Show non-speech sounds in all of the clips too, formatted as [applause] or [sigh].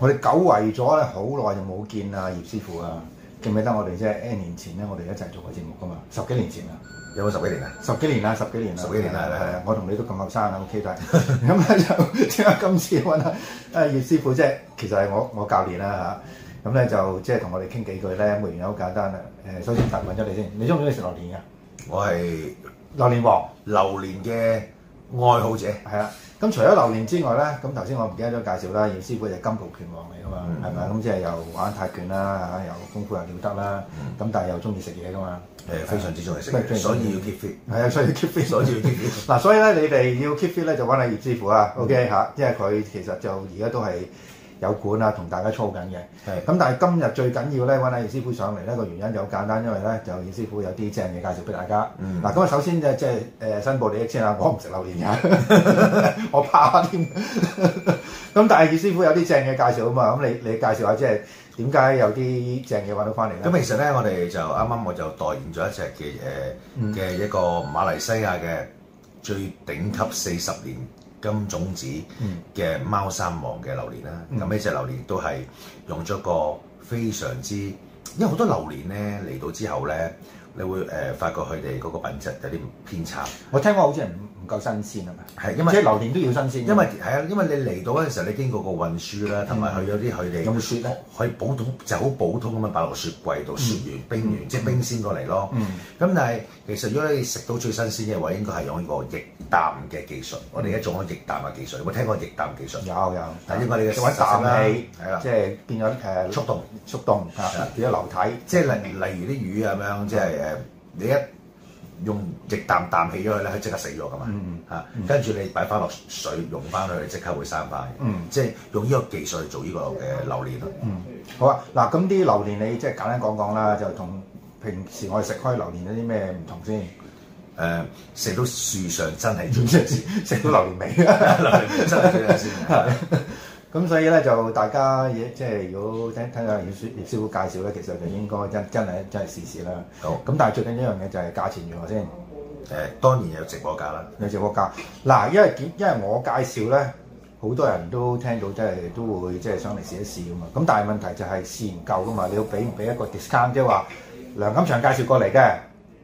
我哋久違咗咧，好耐就冇見啊。葉師傅啊，記唔記得我哋即係，N 年前咧，我哋一齊做過節目噶嘛，十幾年前啊，有冇十幾年啊？十幾年啦，十幾年啦，十幾年啦，係啊！我同你都咁後生啊 [laughs] ，O.K. 都係，咁咧就點解今次揾啊葉師傅即係？其實係我我教練啦、啊、嚇，咁咧就即係同我哋傾幾句咧，咁個原因好簡單啦。誒，首先問問咗你先，你中唔中意食榴蓮啊？我係榴蓮王，榴蓮嘅愛好者，係啊。咁除咗榴蓮之外咧，咁頭先我唔記得咗介紹啦。葉 [noise] 師傅就金蒲拳王嚟噶嘛，係咪咁即係又玩泰拳啦，又功夫又了得啦。咁、嗯、但係又中意食嘢噶嘛？誒，非常之中意食嘢，所以要 keep fit。係啊，所以 keep fit，所以要 keep fit。嗱，所以咧，你哋要 keep fit 咧，就揾阿葉師傅啊。OK 吓、嗯，因為佢其實就而家都係。有管啊，同大家操緊嘅。咁是但係今日最緊要咧，揾阿葉師傅上嚟呢個原因就好簡單，因為咧就葉師傅有啲正嘅介紹俾大家。嗱、嗯，咁啊，首先就即係誒，申、呃、報你一千啊，我唔食榴蓮嘅，我怕添。咁但係葉師傅有啲正嘅介紹啊嘛，咁你你介紹下即係點解有啲正嘢揾到翻嚟咧？咁其實咧，我哋就啱啱、嗯、我就代言咗一隻嘅嘢，嘅、嗯、一個馬來西亞嘅最頂級四十年，金種子嘅貓山王嘅榴蓮啦，咁呢隻榴蓮都係用咗個非常之，因為好多榴蓮咧嚟到之後咧，你會誒、呃、發覺佢哋個品質有啲偏差。我聽過好似人。夠新鮮吖嘛？係，因為即係榴蓮都要新鮮。因為係啊，因為你嚟到嗰陣時候，你經過個運輸啦，同埋佢有啲佢哋用雪咧，去保桶就好普通咁樣擺落雪櫃度，雪完冰完，即係冰鮮過嚟咯。咁但係其實如果你食到最新鮮嘅話，應該係用呢個液氮嘅技術。我哋而家做緊液氮嘅技術，有冇聽過液氮技術？有有。但係因為你嘅做緊氮氣，係啦，即係變咗誒速凍、速凍變咗流體，即係例例如啲魚咁樣，即係誒你一。用液氮氮起咗佢咧，佢即刻死咗噶嘛，嚇、嗯！跟住、啊、你擺翻落水溶翻佢，即刻會生翻嗯，即、就、係、是、用呢個技術做呢、這個嘅榴蓮啊。呃、嗯，嗯，好啊。嗱，咁啲榴蓮你即係簡單講講啦，就同平時我哋食開榴蓮有啲咩唔同先？誒、呃，食到樹上真係、嗯，食到榴蓮味， [laughs] 榴蓮真係先？ [laughs] 咁所以咧就大家嘢即係如果聽聽下葉師葉師傅介紹咧，其實就應該真真係真係試試啦。好，咁但係最緊一樣嘢就係價錢，如何先？誒，當然有直播價啦，有直播價。嗱，因為因為我介紹咧，好多人都聽到，即係都會即係上嚟試一試噶嘛。咁但係問題就係試唔夠噶嘛，你要俾唔俾一個 discount，即係話梁錦祥介紹過嚟嘅。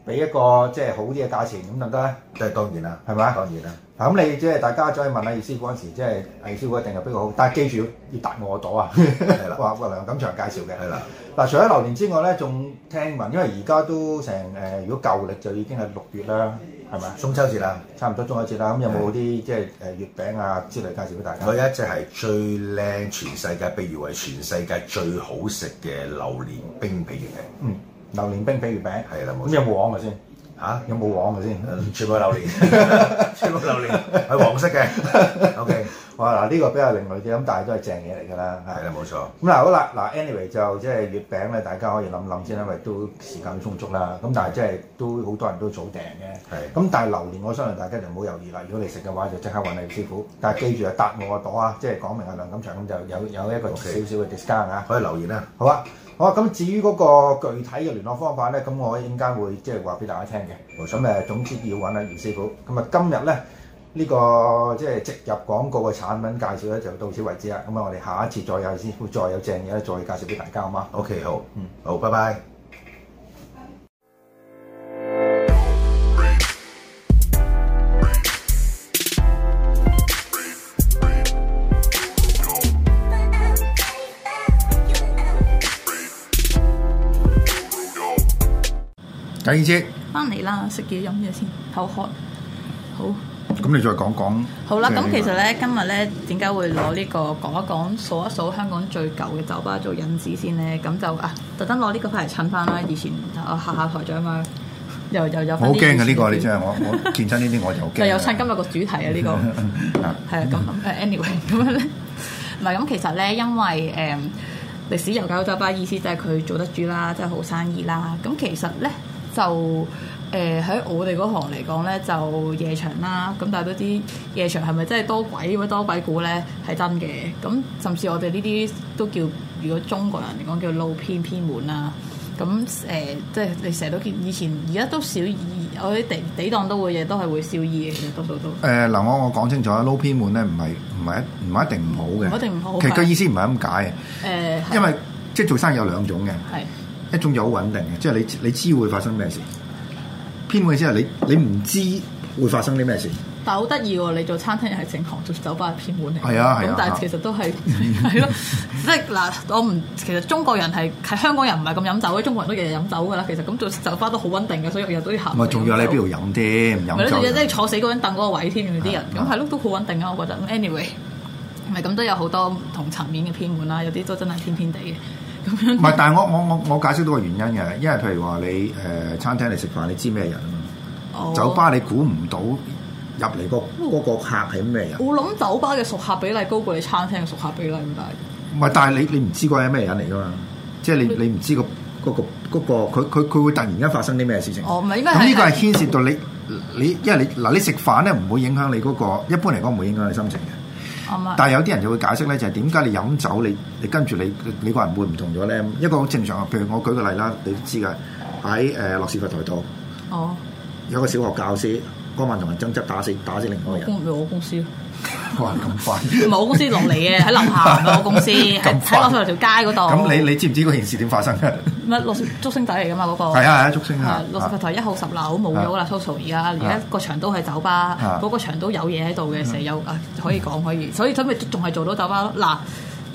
俾一個即係好啲嘅價錢咁得唔得咧？即係當然啦，係咪啊？當然啦。咁你即係大家再問下葉師傅嗰陣時，即係葉師傅一定係比較好。但係記住要揼我朵啊！係啦的， [laughs] 哇哇梁錦祥介紹嘅。係啦的。嗱，除咗榴蓮之外咧，仲聽聞，因為而家都成誒、呃，如果舊歷就已經係六月啦，係咪中秋節啦，差唔多中秋節啦。咁的有冇啲即係誒、呃、月餅啊之類介紹俾大家？佢一隻係最靚，全世界，被譽為全世界最好食嘅榴蓮冰皮月餅。嗯。榴蓮冰皮月餅係啦，冇錯。咁有冇黃嘅先？嚇，有冇黃嘅先？全部係榴蓮，全部榴蓮係黃色嘅。OK，哇嗱，呢個比較另類啲，咁但係都係正嘢嚟㗎啦。係啦，冇錯。咁嗱，好啦，嗱，anyway 就即係月餅咧，大家可以諗諗先啦，因為都時間充足啦。咁但係即係都好多人都早訂嘅。係。咁但係榴蓮，我相信大家就唔好猶豫啦。如果你食嘅話，就即刻揾你師傅。但係記住啊，答我個朵啊，即係講明阿梁錦祥咁就有有一個少少嘅 discount 啊。可以留言啊，好啊。好，咁至於嗰個具體嘅聯絡方法咧，咁我一陣間會即係話俾大家聽嘅。咁誒，總之要揾阿姚師傅。咁啊，今日咧，呢個即係植入廣告嘅產品介紹咧，就到此為止啦。咁啊，我哋下一次再有先，會再有正嘢咧，再介紹俾大家，好嗎？OK，好，嗯，好，拜拜。睇字，翻嚟啦，食嘢飲嘢先，口渴，好。咁你再講講。好啦，咁其實咧，今日咧，點解會攞呢、呢個講的一講、數一數香港最舊嘅酒吧做引子先咧？咁就啊，特登攞呢個嚟襯翻啦。以前我、啊、下下台長嘛，又又又好驚嘅呢個，呢張 [laughs] 我我見真呢啲我就好驚，又襯今日個主題啊！ [laughs] [laughs] anyway, 呢個，係 [laughs] 啊，咁誒，anyway 咁樣咧，唔係咁其實咧，因為誒歷史悠久酒吧，意思就係佢做得住啦，即係好生意啦。咁其實咧。就誒喺、呃、我哋嗰行嚟講咧，就夜場啦。咁但係都啲夜場係咪真係多鬼咁多鬼故咧？係真嘅。咁甚至我哋呢啲都叫，如果中國人嚟講叫撈偏偏門啦。咁誒、呃，即係你成日都見，以前而家都少二，我哋抵抵檔都會嘢都係會少二嘅，其實多數都。誒，嗱，我我講清楚啦，撈偏門咧唔係唔係唔係一定唔好嘅，唔一定唔好。其實個意思唔係咁解。誒、呃。因為，即係做生意有兩種嘅。係。一種有穩定嘅，即係你你知會發生咩事。偏門先係你你唔知會發生啲咩事。但好得意喎，你做餐廳又係正常，做酒吧偏門嚟。係啊咁、啊、但係其實都係係咯，即係嗱，我唔其實中國人係，係香港人唔係咁飲酒，中國人都日日飲酒噶啦。其實咁做酒吧都好穩定嘅，所以日日都要行。咪仲要你喺邊度飲添？咪咯，仲坐死嗰張凳嗰個位添，啲、啊、人咁係咯，都好穩定啊。我覺得。 [laughs] anyway 咪咁都有好多唔同層面嘅偏門啦，有啲都真係偏偏地嘅。唔係、咁樣，但係我我我我解釋到個原因嘅，因為譬如話你誒、呃、餐廳嚟食飯，你知咩人啊嘛？Oh. 酒吧你估唔到入嚟個嗰個客係咩人？Oh. 我諗酒吧嘅熟客比例高過你餐廳嘅熟客比例大，但係唔係？但係你、就是、你唔知嗰人係咩人嚟㗎嘛？即係你你唔知個嗰個佢佢佢會突然間發生啲咩事情？哦、oh.，唔係因為咁呢個係牽涉到你你，因為你嗱你食飯咧唔會影響你嗰、嗰個，一般嚟講唔會影響你心情嘅。但係有啲人就會解釋咧，就係點解你飲酒你你跟住你你個人會唔同咗咧，一個好正常啊，譬如我舉個例啦，你都知噶，喺誒誒樂視佛台度，哦，oh. 有個小學教師。嗰晚同人爭執，打死打死另外一個人。唔係我公司。哇！咁快。唔係我公司落嚟嘅，喺樓下唔係我公司。喺樂富台條街嗰度。咁你你知唔知嗰件事點發生嘅？乜樂竹升仔嚟㗎嘛嗰個？係啊，係啊，竹升樂富台一號十樓冇咗啦，So 而家而家個場都係酒吧，嗰個場都有嘢喺度嘅，成日有啊，可以講可以，所以咁咪仲係做到酒吧咯。嗱，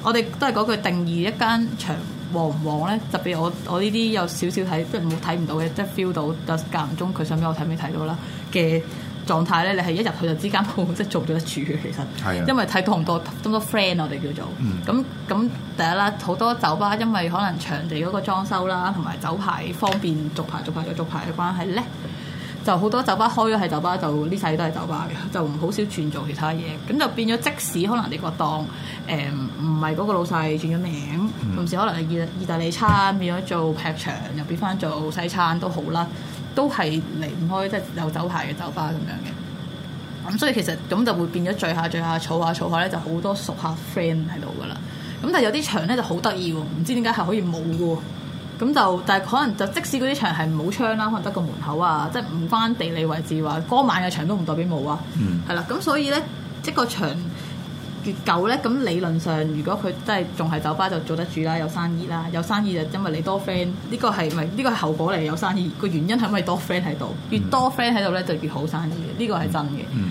我哋都係講句定義一間場。旺唔旺咧？特別我我呢啲有少少睇，即係冇睇唔到嘅，即係 feel 到，就間唔中佢想俾我睇未睇到啦嘅狀態咧。你係一入去就之間即係做咗一柱嘅，其實，是的 因為睇到唔多，咁多 friend 我哋叫做。咁咁、嗯、第一啦，好多酒吧因為可能場地嗰個裝修啦，同埋酒牌方便續牌、續牌又續牌嘅關係咧。就好多酒吧開咗喺酒吧，就呢世都係酒吧嘅，就唔好少轉做其他嘢。咁就變咗，即使可能你個檔誒唔係嗰個老細轉咗名，同、mm hmm. 時可能係意意大利餐變咗做劈場，又變翻做西餐都好啦，都係離唔開即係有酒牌嘅酒吧咁樣嘅。咁所以其實咁就會變咗聚下聚下，坐下坐下咧，就好多熟客、friend 喺度噶啦。咁但係有啲場咧就好得意喎，唔知點解係可以冇嘅喎。咁就，但係可能就即使嗰啲場係冇窗啦，可能得個門口啊，即係唔關地理位置話，光晚嘅場都唔代表冇啊。係啦、嗯，咁所以呢，即、呢、係個場越舊呢，咁理論上如果佢真係仲係酒吧，就做得住啦，有生意啦，有生意就因為你多 friend，呢、呢個係咪呢個係後果嚟？有生意個原因係咪多 friend 喺度？嗯、越多 friend 喺度呢，就越好生意呢、呢個係真嘅。咁、嗯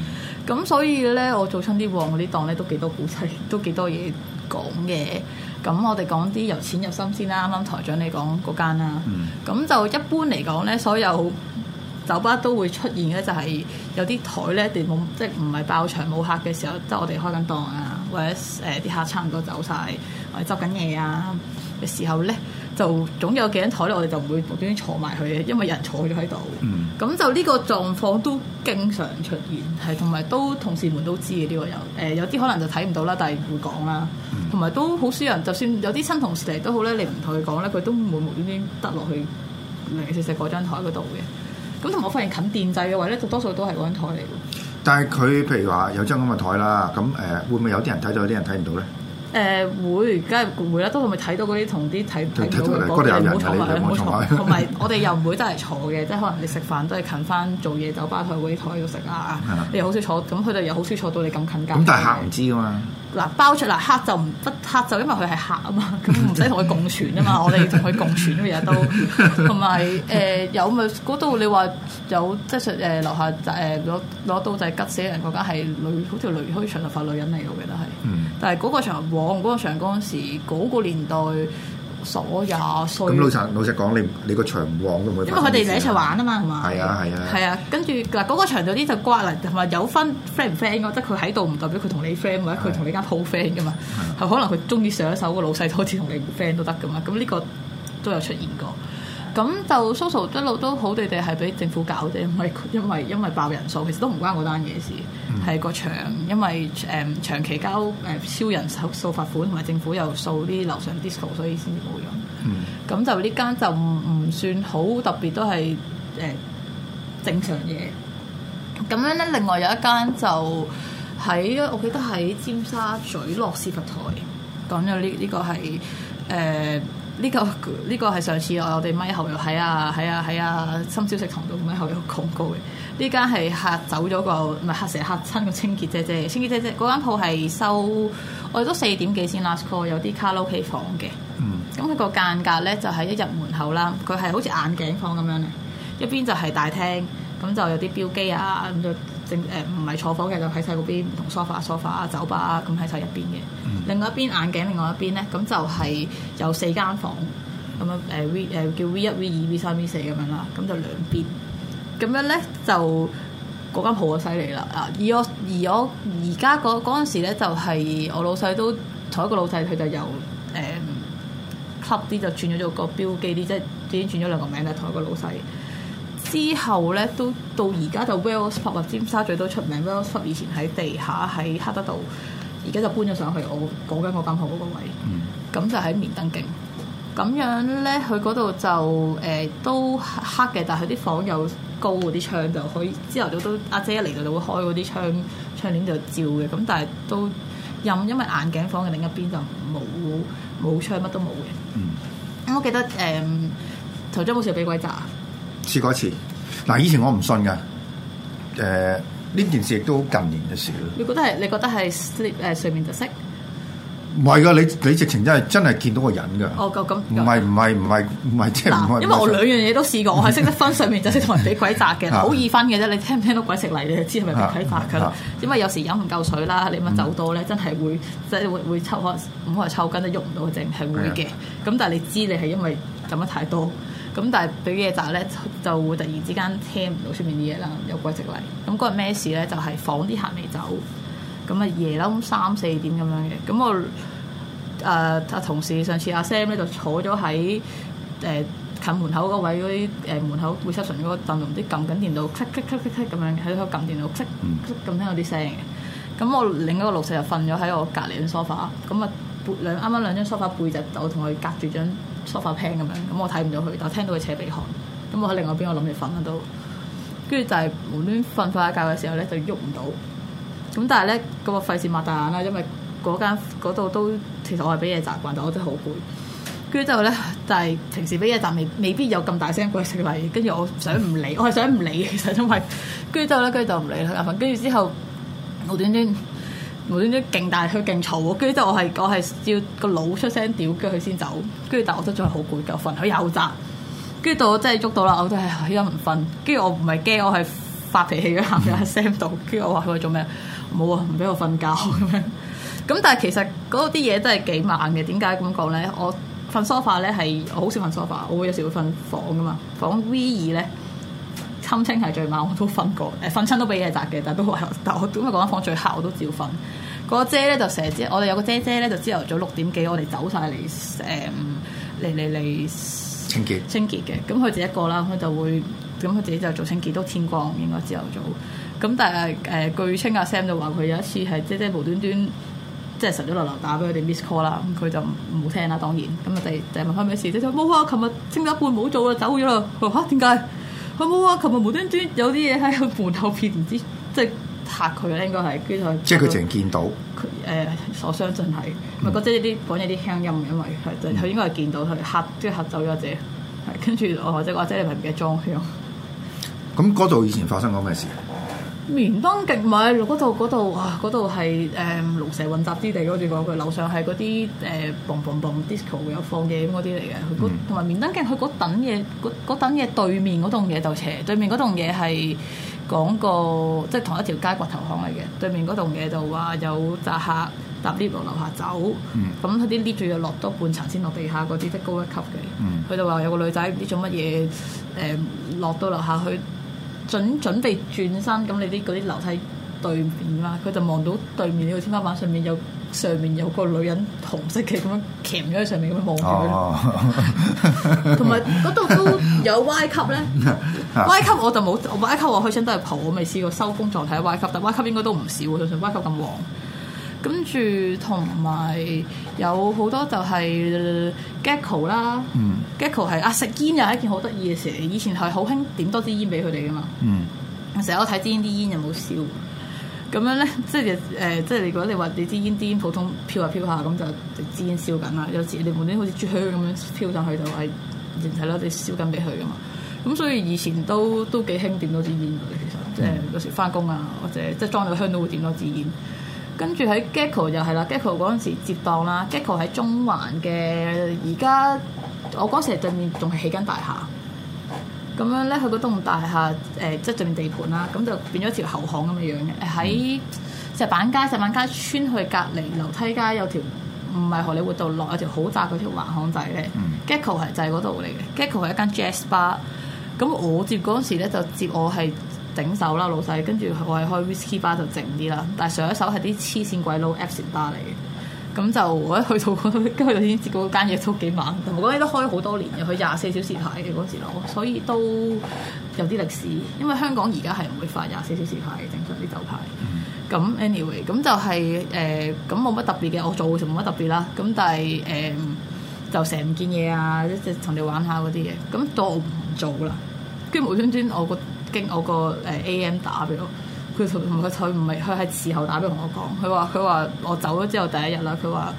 嗯、所以呢，我做親啲旺嗰啲檔呢都幾多古仔，都幾多嘢講嘅。咁我哋講啲由淺入深先啦，啱啱台長你講嗰間啦，咁、嗯、就一般嚟講咧，所有酒吧都會出現咧，就係有啲台咧，哋冇即係唔係爆場冇客嘅時候，即係我哋開緊檔啊，或者誒啲客差唔多走晒，我哋執緊嘢啊嘅時候咧。就總有幾張台咧，我哋就唔會無端端坐埋去嘅，因為有人坐咗喺度。咁、嗯、就呢個狀況都經常出現，係同埋都同事們都知嘅呢個、呃、有。誒有啲可能就睇唔到啦，但係會講啦。同埋、嗯、都好少人，就算有啲親同事嚟都好咧，你唔同佢講咧，佢都會無端端得落去零零細細嗰張台嗰度嘅。咁同我發現近電掣嘅話咧，就多數都係嗰張台嚟嘅。但係佢譬如話有張咁嘅台啦，咁誒、呃、會唔會有啲人睇到，有啲人睇唔到咧？誒、呃、會，梗係會啦，都係咪睇到嗰啲同啲睇唔睇到嘅講嘢，冇坐，冇坐，同埋我哋又唔會真係坐嘅，即係可能你食飯都係近翻做嘢、走夜酒吧台嗰啲台度食啦，你又好少坐，咁佢哋又好少坐到你咁近，近隔離。咁但係行唔知㗎嘛。嗱，包出嚟，黑就唔得。黑就因為佢係黑啊嘛，咁唔使同佢共存啊嘛， [laughs] 我哋同佢共存嘅都，同埋誒有咪嗰度你話有即係誒樓下誒攞攞刀仔吉死人嗰間係女，好條雷虛長頭髮女人嚟嘅都係，我記得嗯、但係嗰個長王嗰個長江、那個、時嗰、那個年代。所有咁老實老實講，你你個場唔旺都唔會，因為佢哋就一齊玩啊嘛，係啊係啊，係啊，啊，跟住嗱嗰個場度啲就刮啦，同埋有分 friend 唔 friend 嘅，即係佢喺度唔代表佢同你 friend 或者佢同你間鋪 friend 嘅嘛，係的的可能佢中意上一手個老細都好似同你 friend 都得嘅嘛，咁、這、呢個都有出現過。咁的就 social 一路都好地地係俾政府搞啫，唔係因為因為爆人數，其實都唔關嗰單嘢事。係個場，因為誒、呃、長期交誒超、呃、人手數罰款，同埋政府又掃啲樓上 disco，所以先至冇用。咁、嗯、就呢間就唔算好特別，都係誒、呃、正常嘢。咁樣咧，另外有一間就喺我記得喺尖沙咀諾士佛台，講咗呢呢個係誒。呃呢、這個呢、這個係上次我哋咪後又喺啊喺啊喺啊，啊深宵食堂度咪後又恐高嘅。呢間係嚇走咗個唔係嚇死嚇親個清潔姐姐，清潔姐姐嗰間鋪係收我哋都四點幾先啦。a s, [noise] 有啲卡拉 OK 房嘅，嗯，咁佢個間隔咧就係、是、一入門口啦，佢係好似眼鏡房咁樣，一邊就係大廳，咁就有啲標機啊咁就。正唔係坐房嘅就喺曬嗰邊唔同 sofa sofa 啊酒吧啊咁喺曬入邊嘅。嗯、另外一邊眼鏡，另外一邊咧咁就係有四間房咁、呃、樣誒 V 誒叫 V 一 V 二 V 三 V 四咁樣啦。咁就兩邊咁樣咧就嗰間鋪啊犀利啦啊！而我而我而家嗰嗰陣時咧就係、是、我老細都同一個老細，佢就由誒 Club 啲就轉咗做個標記啲，即、就、係、是、已經轉咗兩個名啦，同一個老細。之後咧，都到而家就 Well Spot 尖沙咀都出名。Well Spot 以前喺地下喺黑德道，而家就搬咗上去我嗰間嗰間鋪嗰個位，咁、mm. 嗯、就喺綿登徑。咁樣咧，佢嗰度就誒、呃、都黑嘅，但佢啲房又高，嗰啲窗就可以朝頭早都阿姐，姐一嚟到就會開嗰啲窗，窗簾就照嘅。咁但係都陰，因為眼鏡房嘅另一邊就冇冇窗，乜都冇嘅。咁、mm. 我記得誒，頭張冇事俾鬼砸。試過一次，嗱以前我唔信噶，誒呢件事亦都好近年嘅事，你覺得係？你覺得係誒睡眠窒息？唔係噶，你你直情真係真係見到個人噶。哦，夠唔係唔係唔係唔係，即係因為我兩樣嘢都試過，我係識得分睡眠窒息同人俾鬼砸嘅，好易分嘅啫。你聽唔聽到鬼食泥，你就知係咪俾鬼砸噶啦？因為有時飲唔夠水啦，你咪走多咧，真係會即係會會抽汗，唔可能抽筋都喐唔到嘅症係會嘅。咁但係你知你係因為飲得太多。咁但係半夜就咧就會突然之間聽唔到出面啲嘢啦，有鬼直嚟，咁嗰日咩事咧？就係房啲客未走，咁啊夜啦，三四點咁樣嘅。咁我誒、呃、同事上次阿 Sam 咧就坐咗喺誒近門口嗰位嗰啲誒門口會出巡嗰個凳度，啲撳緊電腦 click click click click click 咁樣喺度撳電腦 click click 咁聽有啲聲嘅。咁我另一個老細就瞓咗喺我隔離張 sofa，咁啊背兩啱啱兩張 sofa 背就我同佢隔住張。梳化廳咁樣，咁我睇唔到佢，但係聽到佢扯鼻鼾，咁我喺另外邊我諗住瞓啦都，跟住就係無端瞓瞓下一覺嘅時候咧就喐唔到，咁但係咧嗰個費事擘大眼啦，因為嗰間嗰度都其實我係俾嘢習慣，但我真係好攰，跟住之後咧就係平時俾嘢但未未必有咁大聲鬼聲鬼語，跟住我想唔理，我係想唔理其實因為，跟住之後咧跟住就唔理啦，跟住之後無端端。無端端勁，大，佢勁嘈，跟住之後我係我係要個腦出聲屌，跟住佢先走。跟住但係我真係好攰，我瞓佢又好跟住到我真係捉到啦，我都係一唔瞓。跟、哎、住我唔係驚，我係發脾氣嘅行入 s a 度 [laughs] 走在。 [laughs] 跟住我話佢做咩？冇啊，唔俾我瞓覺咁樣。咁但係其實嗰啲嘢都係幾慢嘅。點解咁講咧？我瞓 sofa 咧係我好少瞓 sofa，我會有時會瞓房噶嘛。房 V 二咧。親稱係最晚我都瞓過，誒瞓親都俾嘢砸嘅，但都話，但我因為嗰間房最黑，我都照瞓。個姐咧就成日接，我哋有個姐姐咧就朝頭早六點幾，我哋走晒嚟誒嚟嚟嚟清潔清潔嘅。咁佢自己一個啦，佢就會，咁佢自己就做清潔都天光應該朝頭早。咁但係誒據稱阿 Sam 就話佢有一次係姐姐無端端即係神咗流流打俾佢哋 miss call 啦，佢就唔好聽啦，當然。咁啊第第問返咩事，佢就冇啊。琴日清咗一半，冇做啦，走咗啦。佢話點解？佢冇啊！琴日無端端有啲嘢喺佢門後邊，唔知即係嚇佢啊，應該係，跟住即係佢淨見到佢誒所相信係咪嗰啲啲講嘢啲輕音，因為係真佢應該係見到佢嚇，即係嚇走咗姐。係跟住我或者我姐，你係唔記得裝香？咁嗰度以前發生過咩事？棉登極美，嗰度嗰度，嗰度係誒龍蛇混雜之地。嗰段講佢樓上係嗰啲誒 boom、呃、boom boom disco 有放嘢咁嗰啲嚟嘅。佢同埋棉登極，佢嗰等嘢，嗰等嘢對面嗰棟嘢就斜，對面嗰棟嘢係講過即係同一條街掘頭巷嚟嘅。對面嗰棟嘢就話有雜客搭 lift 落樓下走，咁佢啲 lift 仲要落多半層先落地下嗰啲即高一級嘅。佢、嗯、就話有個女仔唔知做乜嘢誒落到樓下去。準準備轉身，咁你啲啲樓梯對面啊，佢就望到對面呢、這個天花板上面有上面有，上面有個女人紅色嘅咁樣騎咗喺上面咁樣望住，佢 [laughs] [laughs] 同埋嗰度都，都，都有 Y 級咧。 [laughs] Y 級我就冇 [laughs] ，Y 級我開槍都係蒲我未試過收工狀態 Y 級，但係 Y 級應該都唔少，相信 Y 級咁旺。跟住同埋有好多就係 Gecko 啦，Gecko 係啊食煙又係一件好得意嘅事。以前係好興點多支煙俾佢哋噶嘛，成日、嗯、我睇支煙啲煙又冇燒。咁樣咧即係誒，即係、呃呃、你講你話你支煙啲煙普通飄下飄下咁就支煙燒緊啦。有時你冇端好似柱香咁樣飄上去就係唔睇啦，你燒緊俾佢噶嘛。咁所以以前都都幾興點多支煙嘅，其實即係有時翻工啊或者即，即裝咗香都會點多支煙。跟住喺 Gecko 又係啦，Gecko 嗰陣時接檔啦，Gecko 喺中環嘅而家我嗰時對面仲係起緊大廈，咁樣咧佢嗰棟大廈誒、呃、即係對面地盤啦，咁就變咗條後巷咁嘅樣嘅，喺石板街石板街村去隔離樓梯街有條唔係荷里活道落有一條好窄嗰條橫巷仔嘅，Gecko 係就係嗰度嚟嘅，Gecko 係一間 jazz bar，咁我接嗰陣時咧就接我係。整手啦老細，跟住我係開 whisky bar 就靜啲啦。但係上一手係啲黐線鬼佬 absent bar 嚟嘅，咁就我一去到，跟住就已經接嗰間嘢都幾猛。但我覺得都開好多年，又去廿四小時牌嘅嗰時候，所以都有啲歷史。因為香港而家係唔會發廿四小時牌正常啲酒牌。咁 anyway，咁就係誒咁冇乜特別嘅，我做就冇乜特別啦。咁但係誒就成日唔見嘢啊，即係同你玩下嗰啲嘢。咁到唔做啦。跟住無端端我個。經我個誒 AM w，他他打俾我，佢同佢佢唔係佢係事後打俾我講，佢話佢話我走咗之後第一日啦，佢話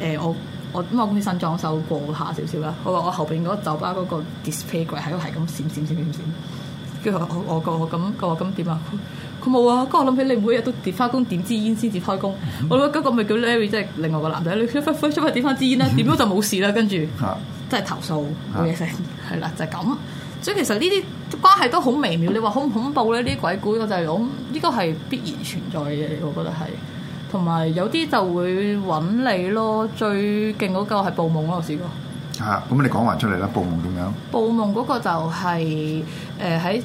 誒我我咁我公司新裝修過下少少啦，我話我後面邊嗰個酒吧嗰個 display 櫃喺度係咁閃閃閃閃閃，跟住我我個咁我咁點啊？佢冇啊！剛我諗起你每日都跌返工點支煙先至開工，嗯嗯我諗緊、嗰個咪叫 Larry 即係另外個男仔，你出翻出翻點翻支煙啦，點咗就冇事啦，跟住、 [laughs] 啊、即係投訴冇嘢食，係啦 [laughs] 就係咁。所以其實呢啲關係都好微妙，你話恐唔恐怖咧？呢啲鬼故我就係、是、諗，應該係必然存在嘅，我覺得係。同埋有啲就會揾你咯，最勁嗰個係暴夢咯，我試過。嚇、啊！咁你講埋出嚟啦，暴夢點樣？暴夢嗰個就係誒喺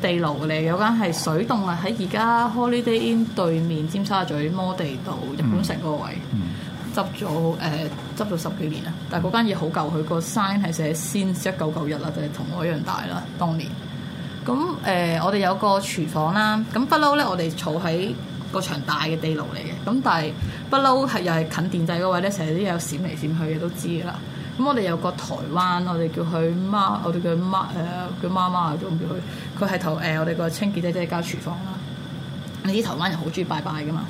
地牢嚟，有間係水洞啊，喺而家 Holiday Inn 對面，尖沙咀摩地道日本城嗰個位、嗯嗯、執咗誒。呃執咗十幾年啦，但係嗰間嘢好舊，佢個 sign 係寫 since 一九九一啦，就係同我一樣大啦，當年。咁誒、呃，我哋有個廚房啦，咁不嬲咧，我哋坐喺個場大嘅地牢嚟嘅，咁但係不嬲係又係近電掣嗰位咧，成日都有閃嚟閃去嘅都知㗎啦。咁我哋有個台灣，我哋叫佢媽，我哋叫媽誒、啊，叫媽媽啊，都唔叫佢，佢係同誒我哋個清潔姐姐一間廚房啦。啲台灣人好中意拜拜㗎嘛，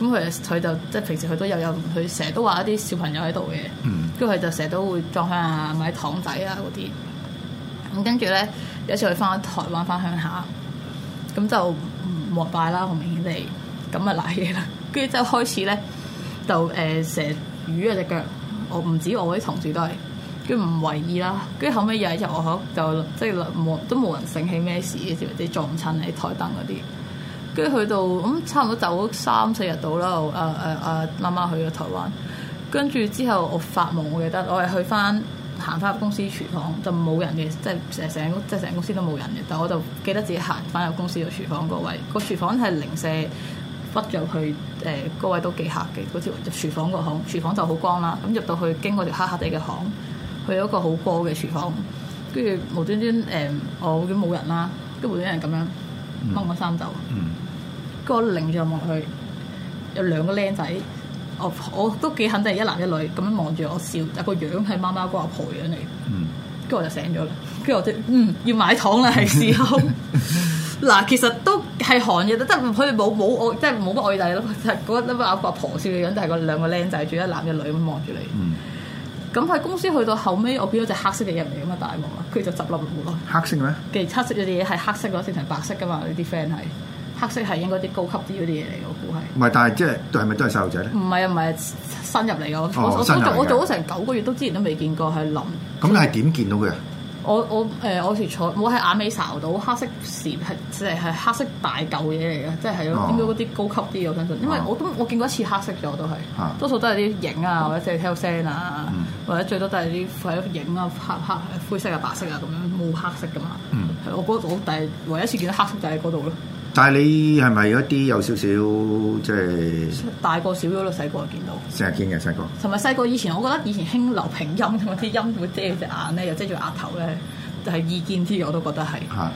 咁佢佢就即係平時佢都有有佢成日都話一啲小朋友喺度嘅，跟住佢就成日都會裝香啊買糖仔啊嗰啲，咁跟住咧有一次佢翻台灣翻鄉下，咁就莫拜啦，好明顯地咁啊賴嘢啦，跟住就，就開始咧就誒成淤啊隻腳，我唔止我嗰啲同事都係，跟住唔為意啦，跟住後尾，又喺入我屋就即係都冇人醒起咩事，只或者撞親喺台燈嗰啲。跟住去到咁、嗯、差唔多走三四日到啦，誒誒誒，媽、啊、媽、啊啊、去咗台灣。跟住之後我發夢，我記得我係去翻行翻入公司廚房，就冇人嘅，即係成成即係成間公司都冇人嘅。但我就記得自己行翻入公司嘅廚房嗰位，個廚房係零舍，入去誒嗰、呃那個、位都幾客嘅。嗰條入廚房個行，廚房就好光啦。咁入到去經過條黑黑地嘅行，去到一個好光嘅廚房。跟住無端端誒、呃，我已經冇人啦，跟住無端端咁樣掹我衫就。個擰住望佢，有兩個僆仔，我我都幾肯定係一男一女咁樣望住我笑，但個樣係媽媽公阿婆樣嚟。嗯，跟住我就醒咗啦。跟住我即嗯要買糖啦，係時候。嗱， [laughs] 其實都係寒嘢，即係佢冇冇愛，即係冇乜愛戴咯。就嗰粒阿伯阿婆笑嘅樣，就係個兩個僆仔，住一男一女咁望住你。嗯，咁喺公司去到後尾，我見咗隻黑色嘅人嚟啊嘛，大望，佢就執笠，落嚟。黑色嘅咩？其實黑色嘅嘢係黑色嘅，變成白色噶嘛。啲 friend 係。黑色係應該啲高級啲嗰啲嘢嚟嘅，我估係。唔係，但係即係係咪都係細路仔咧？唔係啊，唔係新入嚟嘅。我我做我做咗成九個月，都之前都未見過係林。咁你係點見到嘅？我我誒，我時坐我喺眼尾睄到黑色蟬，係即係黑色大嚿嘢嚟嘅，即係咯，應該嗰啲高級啲我相信。因為我都我見過一次黑色嘅，我都係多數都係啲影啊，或者即係聽聲啊，或者最多都係啲影啊，黑黑灰色啊，白色啊咁樣冇黑色噶嘛。嗯，我嗰我第唯一次見到黑色就喺嗰度咯。但係你係咪有一啲有少少即係、就是、大個少咗咯，細個就見到，成日見嘅細個。同埋細個以前，我覺得以前興留，留平陰，咁啲陰會遮隻眼咧，又遮住額頭咧，就係、是、意見啲，我都覺得係。係、啊，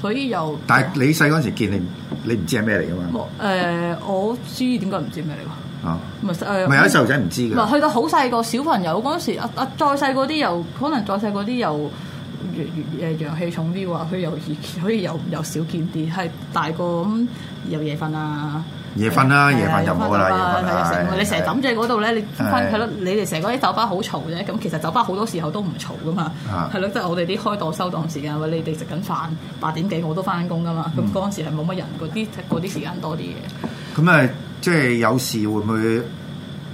所以又。但係你細嗰陣時見你，你唔知係咩嚟㗎嘛？誒、啊，我知點解唔知咩嚟㗎？啊，咪誒，咪、呃、有啲細路仔唔知嘅。咪去到好細個小朋友嗰陣時，啊啊！再細個啲又可能，再細個啲又。可能再越越誒陽氣重啲話，佢又熱，所以又又少見啲。係大個咁又夜瞓啊，夜瞓啦，夜瞓就唔好啦。夜瞓係啊，你成日抌住喺嗰度咧，你翻係咯。你哋成日啲酒吧好嘈啫，咁其實酒吧好多時候都唔嘈噶嘛。係咯，即係我哋啲開檔收檔時間，或者你哋食緊飯八點幾，我都翻工噶嘛。咁嗰陣時係冇乜人，嗰啲啲時間多啲嘅。咁啊，即係有時會唔會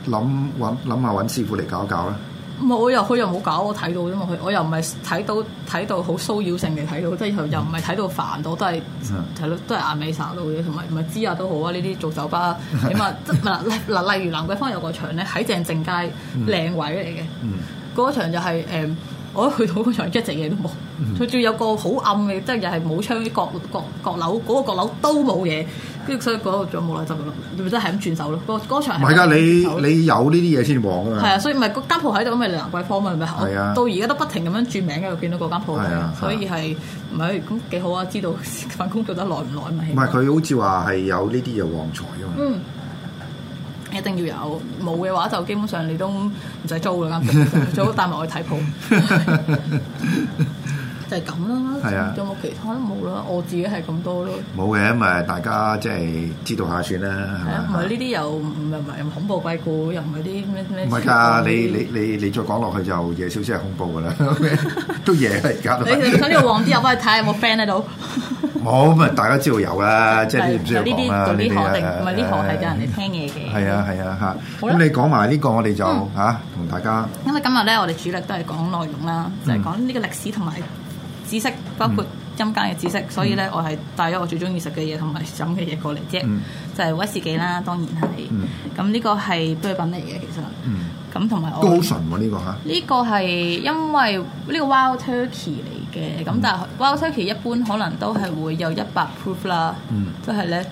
諗諗下揾師傅嚟搞一搞咧？唔係我又去又冇搞，我睇到啫嘛。佢我又唔係睇到睇到好騷擾性嘅睇到，即係又唔係睇到煩到，都係睇到都係眼尾耍到嘅，同埋唔係知啊都好啊。呢啲做酒吧你嘛，即嗱嗱，例如蘭桂坊有個場咧，喺正正街靚位嚟嘅，嗰、嗯嗯、場就係、是、誒我一去到嗰場一隻嘢都冇，佢仲、嗯、有個好暗嘅，即係又係冇窗啲角角閣樓嗰、那個閣樓都冇嘢。跟住所以嗰度仲有冇耐汁你咪即係咁轉手咯。個歌場唔係噶，你你有呢啲嘢先旺啊嘛。係啊，所以唔係嗰間鋪喺度咁咪蘭桂坊啊嘛。係啊，的到而家都不停咁樣轉名嘅，我見到嗰間鋪。啊的，所以係唔係咁幾好啊？知道份工做得耐唔耐咪。唔係佢好似話係有呢啲嘢旺財啊嘛。嗯，一定要有，冇嘅話就基本上你都唔使租啦，啱唔啱？最好帶埋去睇鋪。就係咁啦，係啊，仲有冇其他，都冇啦。我自己係咁多咯。冇嘅，咪大家即係知道下算啦，係嘛？唔係呢啲又唔係恐怖鬼故，又唔係啲咩咩。唔係㗎，你你你你再講落去就夜少少係恐怖㗎啦，都夜啦而家都。你喺呢個黃頁入去睇下有冇 friend 喺度？冇咁啊！大家知道有啦，即係唔知有講呢啲呢定唔係呢行係叫人哋聽嘢嘅。係啊係啊嚇！咁你講埋呢個，我哋就嚇同大家。因為今日咧，我哋主力都係講內容啦，就係講呢個歷史同埋。知識包括音間嘅知識，嗯、所以咧我係帶咗我最中意食嘅嘢同埋飲嘅嘢過嚟啫，嗯、就係威士忌啦，當然係。咁呢個係杯品嚟嘅，其實。咁同埋我高純喎呢個嚇。呢個係因為呢個 Wild Turkey 嚟嘅，咁、嗯、但係 Wild Turkey 一般可能都係會有一百 proof 啦，即係咧呢、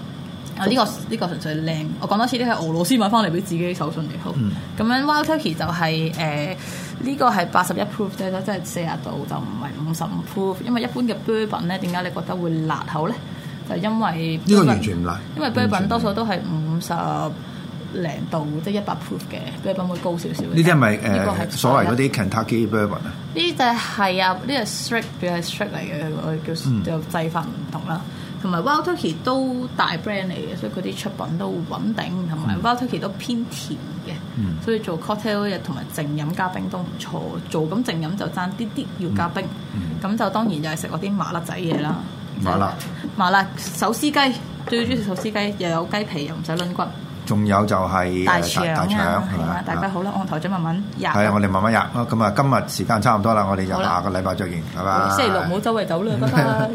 呢個呢、呢個純粹靚。我講多次呢係俄羅斯買翻嚟俾自己手信嚟好。咁、嗯、樣 Wild Turkey 就係、是、誒。呃呢個係八十一 proof，即係即係四十度，就唔係五十五 proof。因為一般嘅 bourbon 咧，點解你覺得會辣口咧？就係、因為呢個完全唔辣，因為 bourbon ur 多數都係五十零度，即係一百 proof 嘅 bourbon 會高少少。呢啲係咪誒所謂嗰啲 Kentucky bourbon 啊？呢、這、隻、個、係啊，呢隻 straight 表係 straight 嚟嘅，我叫就、嗯、製法唔同啦。同埋 Wild Turkey 都大 brand 嚟嘅，所以佢啲出品都穩定，同埋 Wild Turkey 都偏甜嘅，所以做 cocktail 又同埋靜飲加冰都唔錯做。咁靜飲就爭啲啲要加冰，咁就當然就係食嗰啲麻辣仔嘢啦。麻辣麻辣手撕雞，最中意食手撕雞，又有雞皮又唔使攆骨。仲有就係大腸啊，係嘛？大家好啦，我台長慢慢入。係啊，我哋慢慢入啊。咁啊，今日時間差唔多啦，我哋就下個禮拜再見，拜拜。星期六唔好周圍走啦，拜拜。